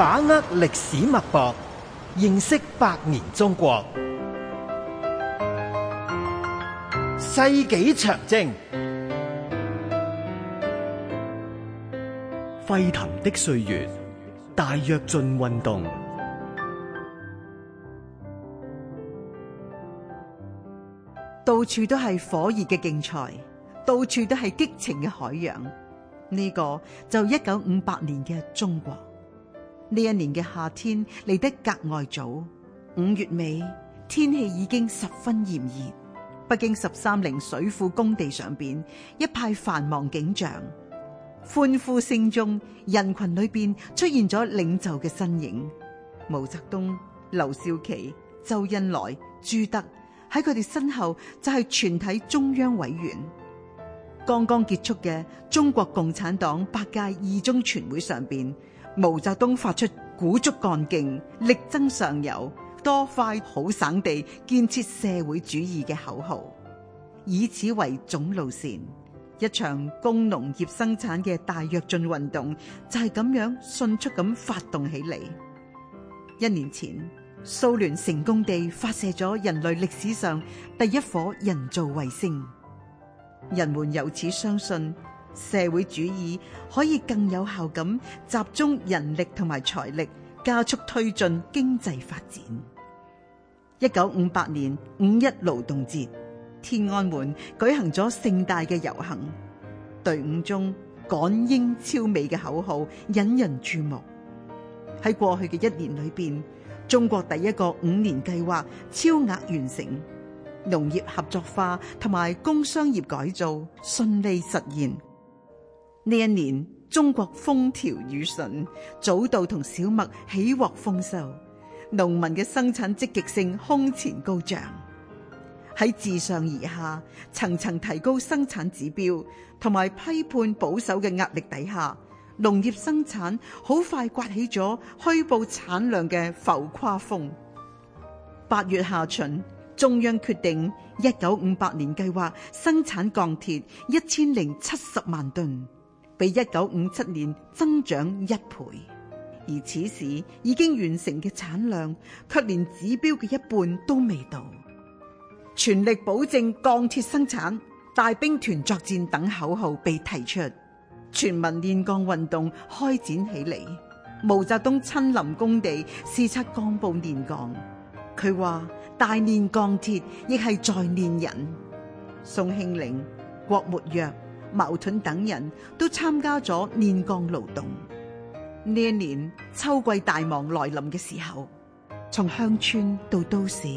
把握歷史脈搏，認識百年中國。世紀長征， 沸騰的歲月，大躍進運動，到處都係火熱嘅競賽，到處都係激情嘅海洋。呢個就一九五八年嘅中國。呢一年嘅夏天嚟得格外早，五月尾天氣已經十分炎熱。北京十三陵水庫工地上邊一派繁忙景象，歡呼聲中人群裏邊出現咗領袖嘅身影。毛澤東、劉少奇、周恩來、朱德喺佢哋身後就係全體中央委員。剛剛結束嘅中國共產黨八屆二中全會上邊。毛澤東發出鼓足幹勁，力爭上游，多快好省地建設社會主義嘅口號，以此為總路線，一場工農業生產嘅大躍進運動就係咁樣迅速咁發動起嚟。一年前，蘇聯成功地發射咗人類歷史上第一顆人造衛星，人們由此相信。社會主義可以更有效咁集中人力同埋財力，加速推進經濟發展。一九五八年，五一勞動節，天安門舉行咗盛大嘅遊行，隊伍中趕英超美嘅口號引人注目。喺過去嘅一年裏邊，中國第一個五年計劃超額完成，農業合作化同埋工商業改造順利實現。呢一年，中國風調雨順，早稻同小麥喜獲豐收，農民嘅生產積極性空前高漲。喺自上而下層層提高生產指標同埋批判保守嘅壓力底下，農業生產好快刮起咗虛報產量嘅浮誇風。八月下旬，中央決定一九五八年計劃生產鋼鐵一千零七十萬噸。比一九五七年增長一倍，而此時已經完成嘅產量，却連指標嘅一半都未到。全力保證鋼鐵生產、大兵團作戰等口號被提出，全民煉鋼運動開展起嚟。毛澤東親臨工地，視察幹部煉鋼。佢話：大煉鋼鐵亦係在煉人。宋慶齡、郭沫若、矛盾等人都參加咗煉鋼勞動。呢一年秋季大忙來臨嘅時候，從鄉村到都市，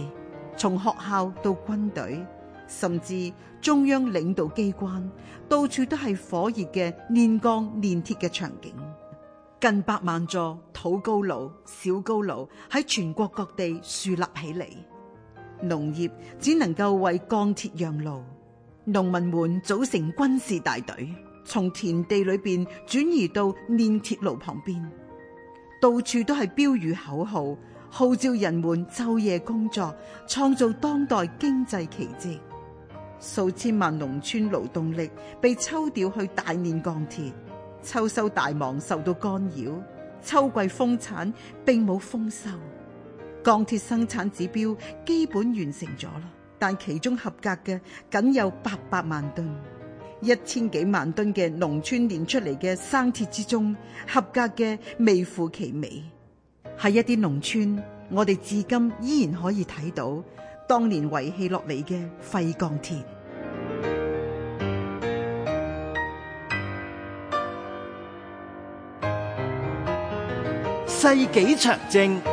從學校到軍隊，甚至中央領導機關，到處都係火熱嘅煉鋼煉鐵嘅場景。近百萬座土高爐小高爐喺全國各地樹立起嚟，農業只能夠為鋼鐵讓路。農民們組成軍事大隊，從田地裏邊轉移到煉鐵爐旁邊，到處都係標語口號，號召人們晝夜工作，創造當代經濟奇跡。數千萬農村勞動力被抽調去大煉鋼鐵，秋收大忙受到干擾，秋季豐產並冇豐收，鋼鐵生產指標基本完成咗啦。但其中合格嘅僅有八百萬噸，一千幾萬噸嘅農村煉出嚟嘅生鐵之中，合格嘅微乎其微。喺一啲農村，我哋至今依然可以睇到當年遺棄落嚟嘅廢鋼鐵。世紀長征。